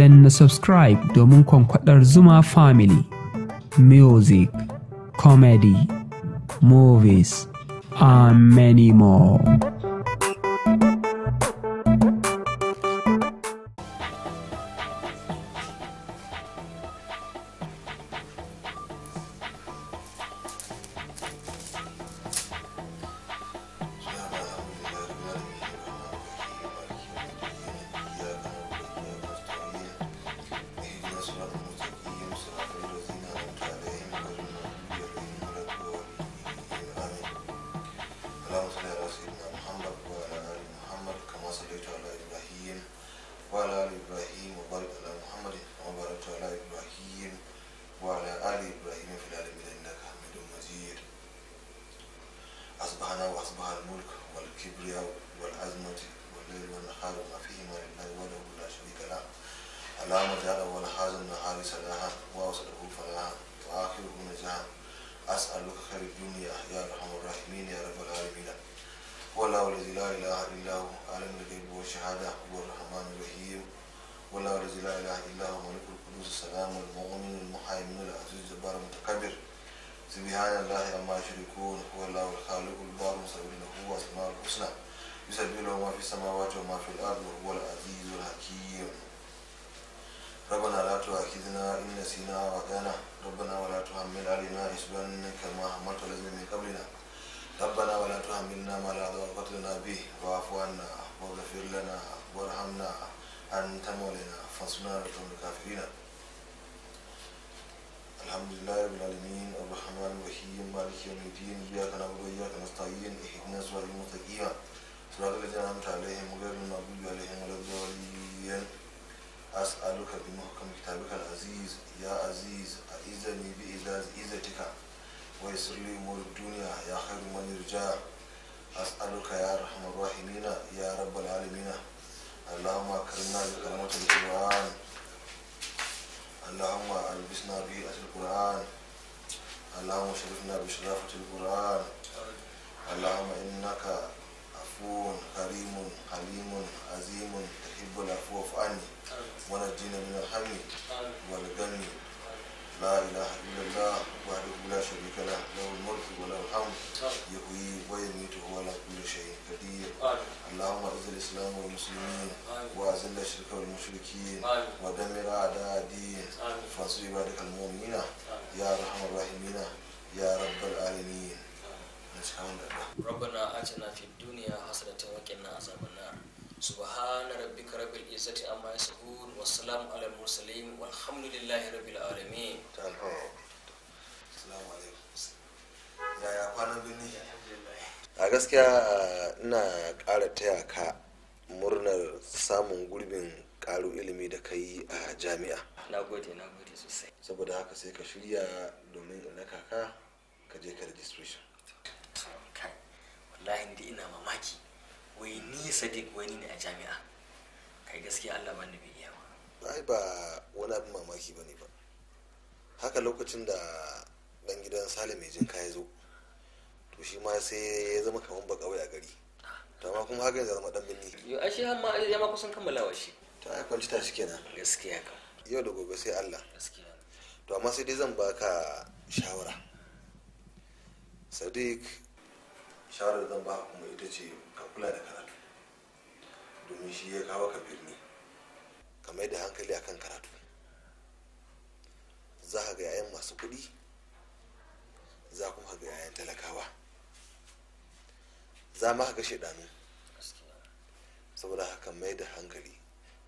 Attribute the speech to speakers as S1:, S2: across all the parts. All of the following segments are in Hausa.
S1: dan na subscribe domin kwankwadar Zuma Family, music, comedy, movies, and many more.
S2: اللهم اجعل أول حاجة من حارس لها وأوسطه فلاها وآخره نجاها أسألك خير الدنيا يا أرحم الراحمين يا رب العالمين هو الله الذي لا إله إلا هو عالم الغيب والشهادة هو الرحمن الرحيم هو الله الذي لا إله إلا هو ملك القدوس السلام المؤمن المهيمن العزيز الجبار المتكبر سبحان الله عما يشركون هو الله الخالق البار المصور هو أسماء الحسنى يسبح له ما في السماوات وما في الأرض وهو العزيز الحكيم ربنا لا تؤاخذنا إن نسينا وعدانا ربنا ولا تحمل علينا إسبا كما حملت الذين من قبلنا ربنا ولا تحملنا ما لا طاقة لنا به واعف عنا واغفر لنا وارحمنا أنت مولانا فانصرنا على القوم الكافرين الحمد لله رب العالمين الرحمن الرحيم مالك يوم الدين إياك نعبد وإياك نستعين اهدنا الصراط المستقيم صراط الذين أنعمت عليهم غير المغضوب عليهم ولا الضالين baka bi mahakamata baka aziz ya aziz a izini bi izatika wai sirri mulk duniya ya haru mani rija as'aluka ya rahmar rahimina ya rabbal alamina اللهم اكرمنا بكرامة القرآن اللهم البسنا به القرآن اللهم شرفنا بشرافة القرآن اللهم إنك عفو كريم حليم عزيم تحب العفو واعف عني ونجينا من الهم والغم لا اله الا الله وحده لا شريك له له الملك وله الحمد يحيي ويميت وهو على كل شيء قدير اللهم اعز الاسلام والمسلمين واذل الشرك والمشركين ودمر اعداء الدين فانصر عبادك المؤمنين يا ارحم الراحمين يا رب العالمين ربنا اتنا في الدنيا حسنه وقنا عذاب النار subhana rabbika rabbil izzati amma yasifun wa salamu ala mursalin walhamdulillahi rabbil alamin yaya kwanan birni a gaskiya uh, ina ƙara taya ka murnar samun gurbin ƙaru ilimi da ka yi a jami'a na gode na gode sosai saboda haka sai ka shirya domin na kaka ka je ka registration wallahi ina mamaki
S3: wai ni sadiq wani ne a jami'a kai gaskiya allah ba bai iya
S2: ba ai ba wani abin mamaki ba ne ba haka lokacin da dan gidan salim mai jin ya zo to shi ma sai ya zama kamar ba kawai a gari to amma kuma haka ya zama dan binni yo a shi ma ya ma kusan kammala wa shi to ai kwanci ta shi kenan gaskiya ka yau da gobe sai allah gaskiya to amma sai dai zan baka shawara sadiq shawarar zan baka kuma ita ce kula da karatu domin shi ya kawo ka birni ka mai da hankali akan karatu za ka ga yayan masu kuɗi za kuma ga yayan talakawa za ma ga shaidanu saboda haka mai da hankali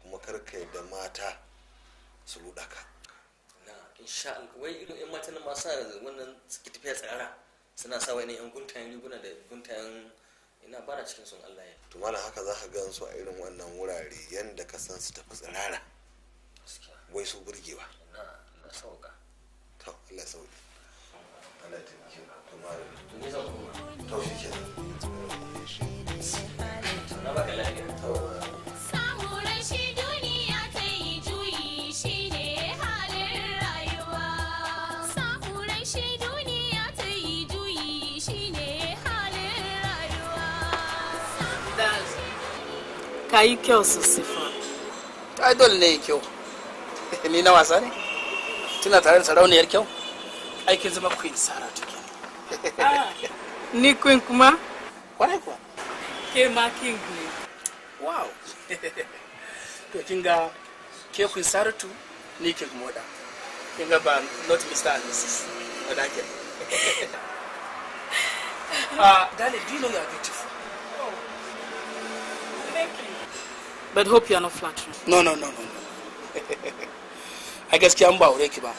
S2: kuma karka da mata su ruɗa ka wai irin yan matan masu wannan suke tafiya tsara suna sa wani yan guntayen riguna da guntayen ina bara cikin sun Allah ya to malam haka za ka gan su a irin wannan wurare yanda ka san su tafi tsirara wai su burgewa na sauka to Allah sauki Allah ya taimake
S1: ka yi kyau ai dole ne kyau ni na wasa ne tana tare da sarauniyar kyau ai kin zama queen sara tuke ah, ni queen kuma kwarai kuwa ke ma king ne wow to kin ga ke queen sara tu ni king moda kin ga ba not mr and mrs moda ke ah dale do you know you are beautiful But hope you are not flattering. No, no, no, no, no. I guess Kiamba or Rekiba,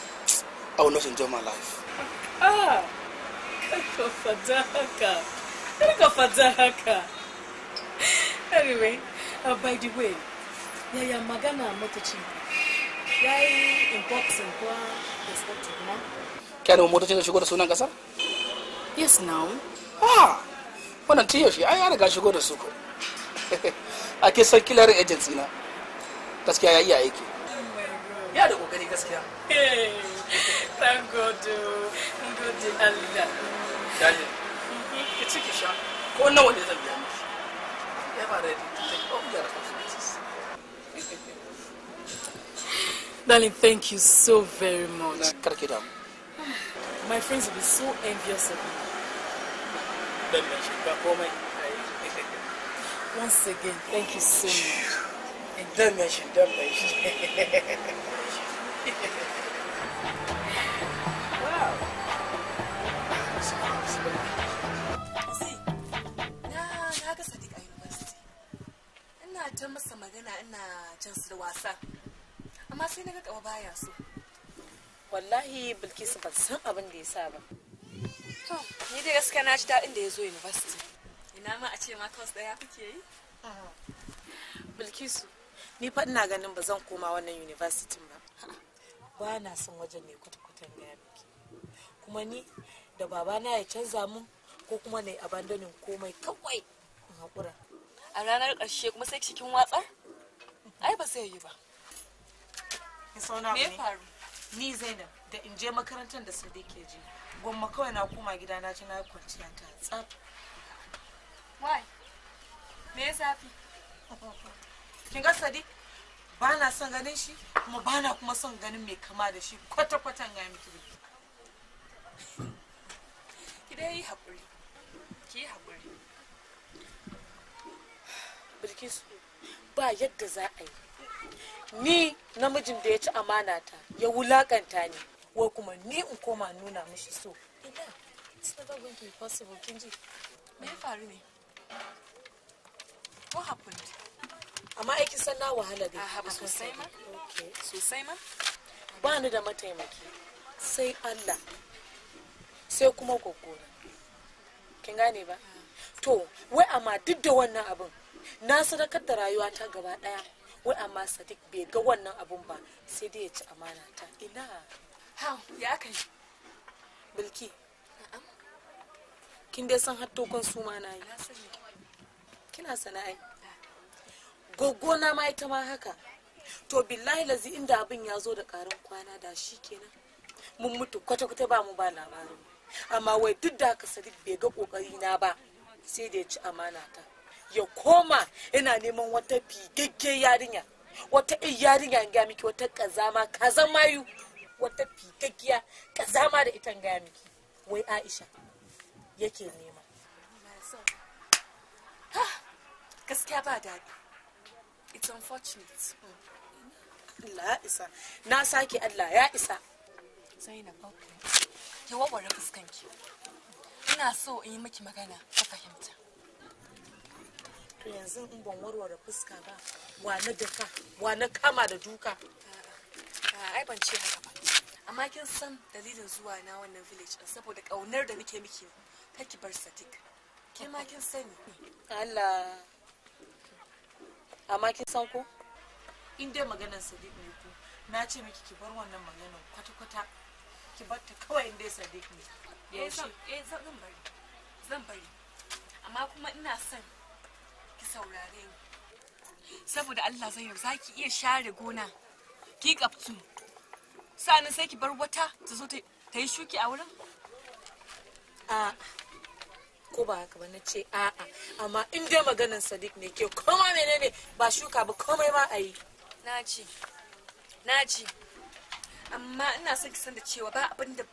S1: I will not enjoy my life. Ah, Kakofadaka. Kakofadaka. Anyway, uh, by the way, Yaya Magana Motochi. Yai in boxing, kwa respected na. Kya ni motochi go to sunan kasa? Yes now. Ah, when wannan tiyo shi ai ya riga shigo da su ko. ake son killer agents na gaskiya ya iya aiki ya da kokari gaskiya thank god god Allah dalil ki ciki sha ko nawa ne zan biya miki ever ready to take off your responsibilities Darling, thank you so very much. My friends will be so envious of me. Once again, thank you so much. And don't mention, don't mention. wow.
S3: na ga Sadiq a university. Ina ta masa magana ina can su da wasa. Amma sai naga ga kaba baya so.
S1: Wallahi Bilkisu ban san abin da ya sa ba. To, ni dai gaskiya na ji daɗin da ya zo university.
S3: ina ma a ce ma kwas daya
S1: kuke yi bilkisu ni fa ina ganin ba zan koma wannan university ba ba na son wajen mai kutukutan gaya miki kuma ni da babana ya canza mun ko kuma na yi abandonin komai kawai in haƙura a ranar ƙarshe kuma sai cikin watsar ai ba zai yi ba me faru ni zainab da in je makarantar da sadiq ke je gwamma kawai na koma gida na ci na kwanciya ta tsaf Why? Me ya zafi? Kin ga Sadiq?
S3: Ba na son ganin
S1: shi, kuma ba na kuma son ganin mai kama da shi kwata-kwatan ya miki da Ki dai yi
S3: haƙuri. Ki yi haƙuri.
S1: Bilkisu, ba yadda za a yi. Ni namijin da ya ci amana ta, ya wulakanta ni, wa kuma ni in koma nuna mishi so. Ina, it's never going to be possible, Kinji. Me ya faru ne? ko hakunta amma aikin san na wahala dai a sosai ma sosai ma ba ni da mataimaki sai Allah sai kuma gogora kin gane ba ah. to wai amma duk da wannan abin na sadakar da rayuwa ta gaba daya wai amma Sadik bai ga wannan abun ba sai dai ya ci amana ta ina ha ya kai bilki kin dai san kan su ma na yi kina sana'ai gogona ma ita ma haka to billahi lazi inda abin ya zo da karin kwana da shi kenan mun mutu kwata-kwata ba mu ba labarin amma wai duk da haka sadiq bai ga kokari na ba sai da ya ci amana ta ya koma ina neman wata figagge yarinya wata ɗin yarinya ga miki wata kazama kazamayu wata figaggiya kazama da ita ga miki wai aisha yake nema ah,
S3: gaskiya ba daɗi it's unfortunate Allah ya isa
S1: na sake Allah ya isa
S3: Zainab ki wawware fuskanki ina so in yi miki magana ka fahimta
S1: to yanzu in ban warware fuska ba wa na daka wa na kama da duka
S3: ai ban ce haka ba amma kin san dalilin zuwa na wannan village saboda
S1: kaunar da nake miki kaki bar sadik ke makin sani Allah amma kin san ko in dai maganar sadiq ne ko na ce miki ki bar wannan maganar kwata-kwata ki bar ta kawai in dai sadiq ne yaushe
S3: eh, eh zan bari zan bari amma kuma ina son ki saurare ni saboda Allah zai yau zaki iya share gona ki kaftu sa'an sai ki bar wata ta zo ta yi shuki a wurin
S1: a ko ba haka ba na ce a'a amma in dai maganar sadiq ne ke koma menene ba shuka ba komai ma a yi
S3: na ci na ci amma ina son ki san da cewa ba abin da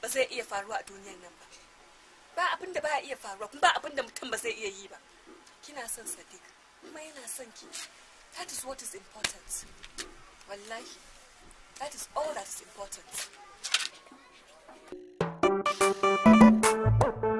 S3: ba zai iya faruwa a duniyan nan ba ba abin da ba iya faruwa kuma ba abin da mutum ba zai iya yi ba kina son sadiq kuma yana son ki that is what is important wallahi that is all that is important